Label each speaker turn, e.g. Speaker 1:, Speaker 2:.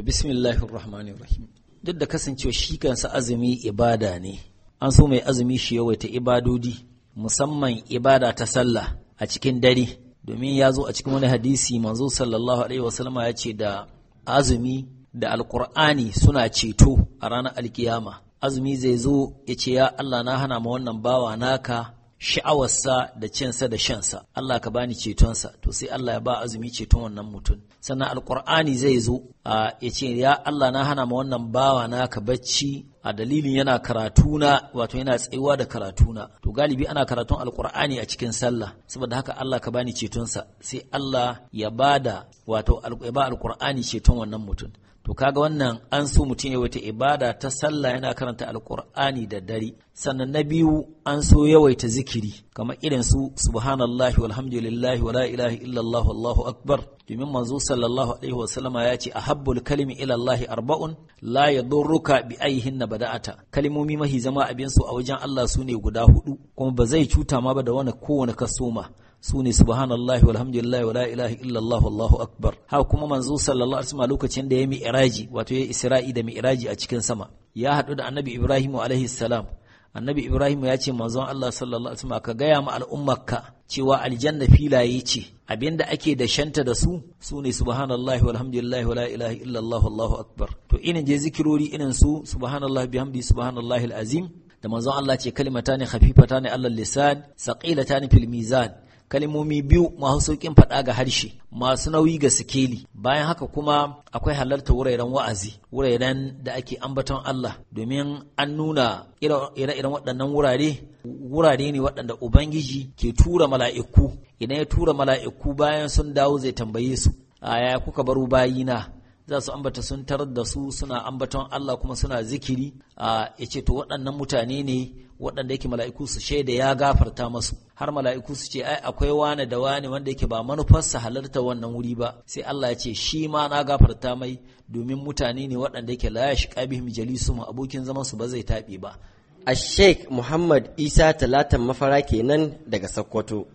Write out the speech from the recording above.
Speaker 1: to bismillahi rahmanir rahim duk da kasancewa shi kansa azumi ibada ne an so mai azumi shi yawaita ibadodi musamman ibada ta sallah a cikin dare domin ya zo a cikin wani hadisi manzo sallallahu alaihi wasallam ya ce da azumi da alkur'ani suna ceto a ranar alkiyama azumi zai zo ya ce ya Allah na hana ma wannan bawa naka sha'awarsa da cinsa da shansa Allah ka bani cetonsa to sai Allah ya ba azumi ceton wannan mutum sannan alkur'ani zai zo a ya ce ya Allah na hana ma wannan bawa na ka bacci a dalilin yana karatuna wato yana tsayuwa da karatuna to galibi ana karatun alkur'ani a cikin sallah saboda haka Allah ka bani cetonsa sai Allah ya bada wato ya ba alkur'ani ceton wannan mutum to kaga wannan an so mutum ya wata ibada ta sallah yana karanta alkur'ani da dare sannan na biyu an so yawaita zikiri kamar irin su subhanallahi walhamdulillahi wala ilaha illallah wallahu akbar domin manzo sallallahu alaihi wasallama ya ce ahabbul kalimi ila Allah arba'un la yadurruka bi ayyihin bada'ata kalimomi mahi zama abin su a wajen Allah su ne guda hudu kuma ba zai cuta ma ba da wani kowane kasoma su ne subhanallahi walhamdulillahi wala ilaha illallah wallahu akbar ha kuma manzo sallallahu alaihi wasallam lokacin da ya mi'raji wato ya isra'i da mi'raji a cikin sama ya haɗu da annabi ibrahim alaihi salam annabi ibrahim ya ce manzon Allah sallallahu alaihi wasallam ka gaya ma al'ummarka cewa aljanna filaye ce abinda ake da shanta da su su ne subhanallahi walhamdulillahi wala ilaha illallah wallahu akbar to irin je zikirori irin su subhanallahi bihamdi subhanallahi alazim da manzon Allah ce ne kalimatani khafifatani alal lisan saqilatani fil mizan kalmomi biyu masu sauƙin faɗa ga harshe masu nauyi ga sikeli bayan haka kuma akwai halarta wuraren wa'azi wuraren da ake ambaton Allah domin an nuna ire-iren waɗannan wurare wurare ne waɗanda Ubangiji ke tura mala'iku idan ya tura mala'iku bayan sun dawo zai tambaye su a yaya kuka baro bayina za su ambata sun tarar da su suna ambaton Allah kuma suna zikiri a ya ce to waɗannan mutane ne waɗanda yake mala'iku su shaida ya gafarta masu har mala'iku su ce ai akwai wane da wane wanda yake ba manufarsa halarta wannan wuri ba sai Allah ya ce shi ma na gafarta mai domin mutane ne waɗanda yake la yashqa bihim mu abokin zaman su ba zai taɓe ba Sheikh Muhammad Isa Talatan Mafara kenan daga Sokoto